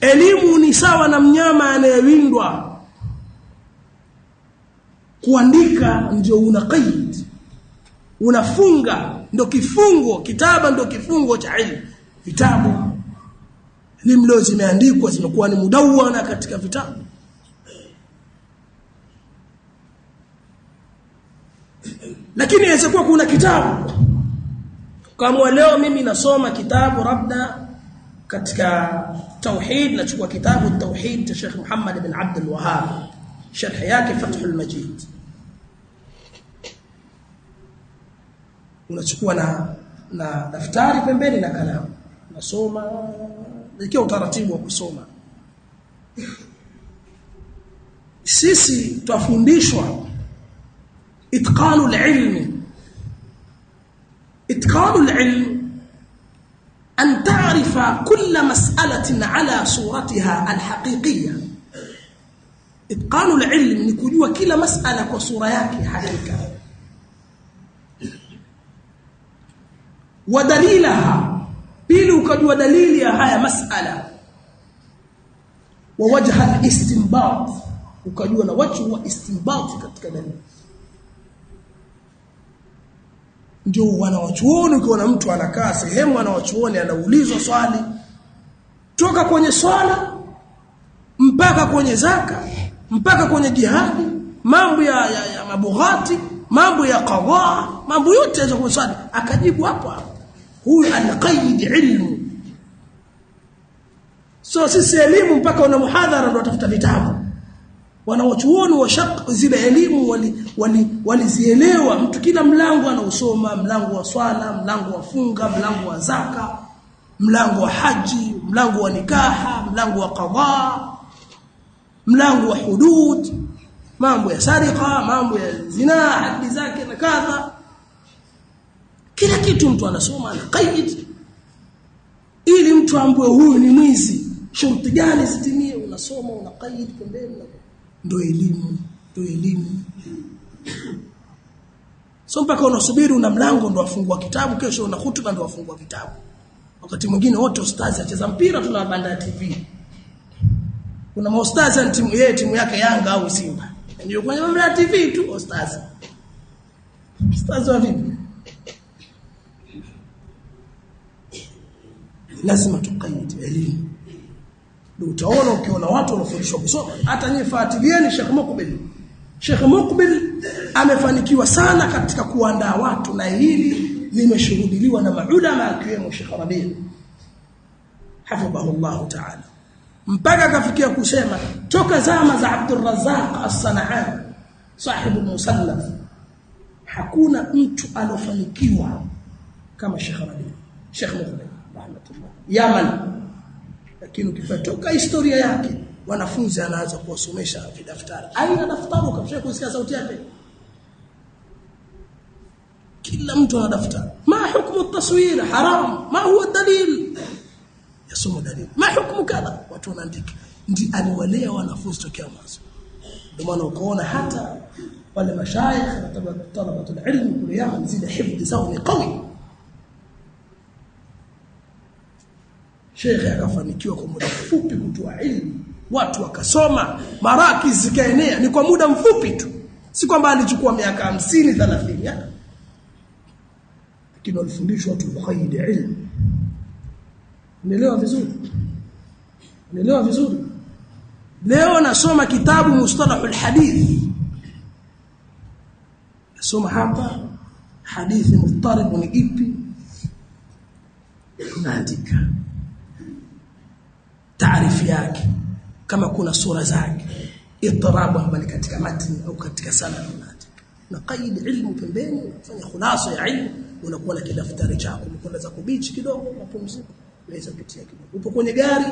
Elimu ni sawa na mnyama anayewindwa. Kuandika ndio una qaid, unafunga ndio kifungo, kitaba ndio kifungo cha ilmu. Vitabu elimu leo zimeandikwa, zimekuwa ni mudawana katika vitabu. Lakini inaweza kuwa kuna kitabu kama leo mimi nasoma kitabu labda katika tauhid nachukua kitabu tauhid cha Sheikh Muhammad ibn Abdul Wahhab sharh yake Fathul Majid unachukua na na daftari pembeni na kalamu unasoma ikiwa utaratibu wa kusoma sisi tuafundishwa itqanu al-ilm itqanu al-ilm أن تعرف كل مسألة على صورتها الحقيقية إتقان العلم نقول كل مسألة وصورياك حقيقة ودليلها بيلو قد ودليلها هاي مسألة ووجه الاستنباط وكدونا وجه الاستنباط استنباط Ndio wanawachuoni, ukiona mtu anakaa sehemu anawachuoni anaulizwa swali toka kwenye swala mpaka kwenye zaka mpaka kwenye jihadi, mambo ya, ya, ya mabughati, mambo ya qadha mambo yote ya swali, akajibu hapo hapo. Huyu alqaid ilmu. So sisi elimu mpaka una muhadhara ndio utafuta vitabu wanawachuoni wa shaq zile elimu walizielewa wali, wali mtu kila mlango anausoma mlango wa swala mlango wa funga mlango wa zaka mlango wa haji mlango wa nikaha mlango wa qadhaa mlango wa hudud mambo ya sarika mambo ya zinaa hadi zake na kadha kila kitu mtu anasoma anaqaid ili mtu ambue huyu ni mwizi shurti gani zitimie unasoma qaid pembeni ndo elimu ndo elimu so mpaka unasubiri una mlango ndo afungua kitabu kesho una hutuba ndo afungua kitabu wakati mwingine wote ustazi acheza mpira tuna ya TV kuna maustazi na timu yeye timu yake Yanga au Simba ndio kwenye mambo ya TV tu ustazi ustazi wa vipi lazima tukaiti elimu ndio utaona ukiona watu wanafundishwa kusoma. Hata nyinyi fuatilieni Sheikh Mukbil. Sheikh Mukbil amefanikiwa sana katika kuandaa watu, na hili limeshuhudiliwa na maulama akiwemo Sheikh Rabi hafidhahu Allah taala, mpaka akafikia kusema toka zama za Abdul Razzaq as sanaan sahibu musallaf hakuna mtu alofanikiwa kama Sheikh Rabi Sheikh Mukbil rahmatullah Yaman lakini ukipatoka historia yake wanafunzi anaanza kuwasomesha vidaftari aina daftari ukapata kusikia sauti yake kila mtu ana daftari ma hukumu taswir haram ma huwa dalil yasoma dalil ma hukumu kadha watu wanaandika ndi aliwalea wanafunzi tokea mwanzo ndio maana ukaona hata wale mashaikh na talabatul ilm kuliyahum zile hifdhi zao ni qawi Shekhe akafanikiwa kwa muda mfupi kutoa ilmu, watu wakasoma, maraki zikaenea. Ni kwa muda mfupi tu, si kwamba alichukua miaka hamsini thelathini, lakini walifundishwa watu ukhaidi ilmu. Unaelewa vizuri, unaelewa vizuri. Leo nasoma kitabu mustalahu Hadith, nasoma hapa hadithi mutarib ni ipi, naandika taarifu yake kama kuna sura zake itarabu ambali katika matni au katika sana na qaid ilmu pembeni fanya khulasa ya ilmu unakuwa na kidaftari chako unakwenda kubichi kidogo mapumziko unaweza kutia kidogo upo kwenye gari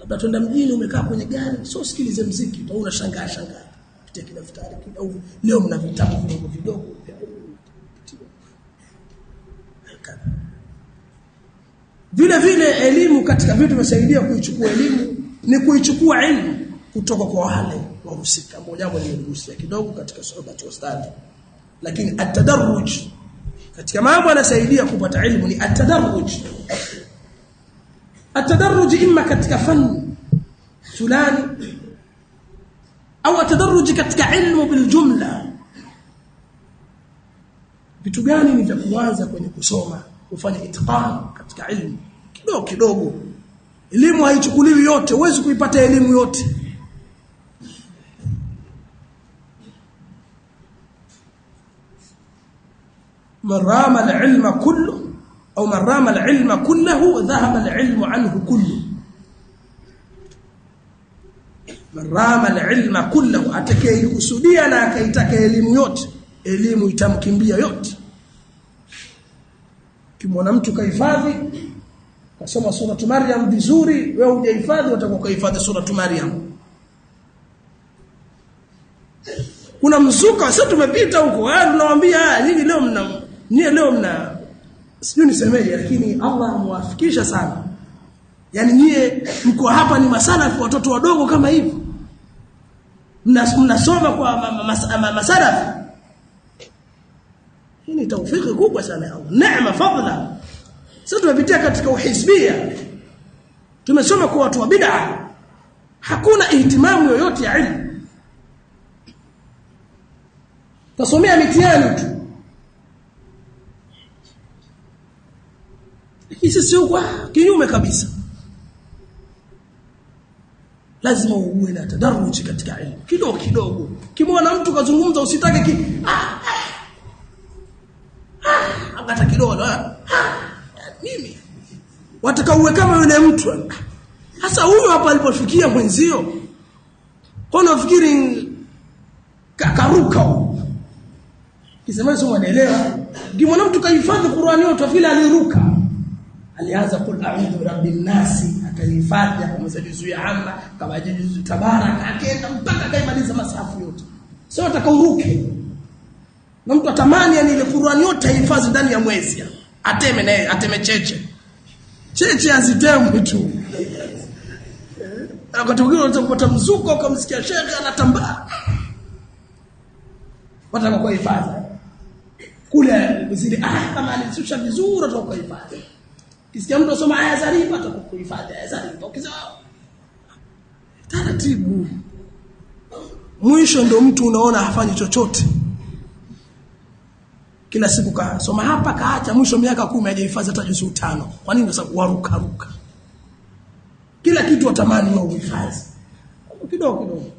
labda twenda mjini umekaa kwenye gari sio sikilize muziki au unashangaa shangaa pitia kidaftari kidogo leo mna vitabu vidogo vidogo vile vile elimu katika vitu vinasaidia kuichukua elimu ni kuichukua ilmu kutoka kwa wale wahusika. Mmojawapo nimegusia kidogo katika sura ya ustadi. Lakini atadarruj katika mambo yanasaidia kupata elimu ni atadarruj. Atadarruj imma katika fani fulani au atadarruj katika ilmu biljumla. Vitu gani ni vya kuanza kwenye kusoma? kufanya itqan katika ilmu kidogo kidogo elimu haichukuliwi yote huwezi kuipata elimu yote marama alilma kullu au marama alilma kullahu dhahaba alilmu anhu kullu marama alilma kullahu atakayekusudia na akaitaka elimu yote elimu itamkimbia yote ukimwona mtu kahifadhi kasoma suratu Maryam vizuri wewe hujahifadhi watakuwa sura Maryam kuna mzuka sasa tumepita huko haya tunawaambia nyinyi leo mna nyinyi leo mna sijui nisemeje lakini Allah amewafikisha sana yani nyie mko hapa ni masalafu watoto wadogo kama hivi mnasoma kwa masalafu hii ni taufiki kubwa sana ya Allah. Neema fadhila. Sasa tumepitia katika uhisbia. Tumesoma kwa watu wa bid'a. Hakuna ihtimamu yoyote ya ilmu. Tasomea mitihani tu. Lakini sio kwa kinyume kabisa. lazima uwe na tadaruji katika ilmu kidogo kidogo. Kimwona mtu kazungumza usitake ki ah, ah hata kidogo. Ah, mimi watakauwe kama yule mtu sasa huyo hapa alipofikia mwenzio, kwa nafikiri kakaruka kisema sio, mwanaelewa ndio mwana mtu kahifadhi Qur'ani yote vile aliruka, alianza kul a'udhu birabbin nasi, akahifadhi kama juzu ya amma kama jiji tabaraka, akaenda mpaka kaimaliza masafu yote, sio atakauruke na mtu atamani yani ile Qur'ani yote ahifadhi ndani ya mwezi, ateme naye ateme cheche cheche, azitemwe tu wakati mwingine unaweza kupata mzuko ukamsikia shekhe anatambaa wataka kwa hifadhi kule zile ah kama alisusha vizuri ataka kwa hifadhi kisikia mtu asoma aya za riba ataka kwa hifadhi aya za riba ukisema oh. taratibu mwisho ndio mtu unaona hafanyi chochote kila siku kasoma hapa kaacha, mwisho miaka kumi hajahifadhi hata juzuu tano. Kwa nini? Sababu warukaruka, kila kitu watamani wao uhifadhi kidogo kidogo.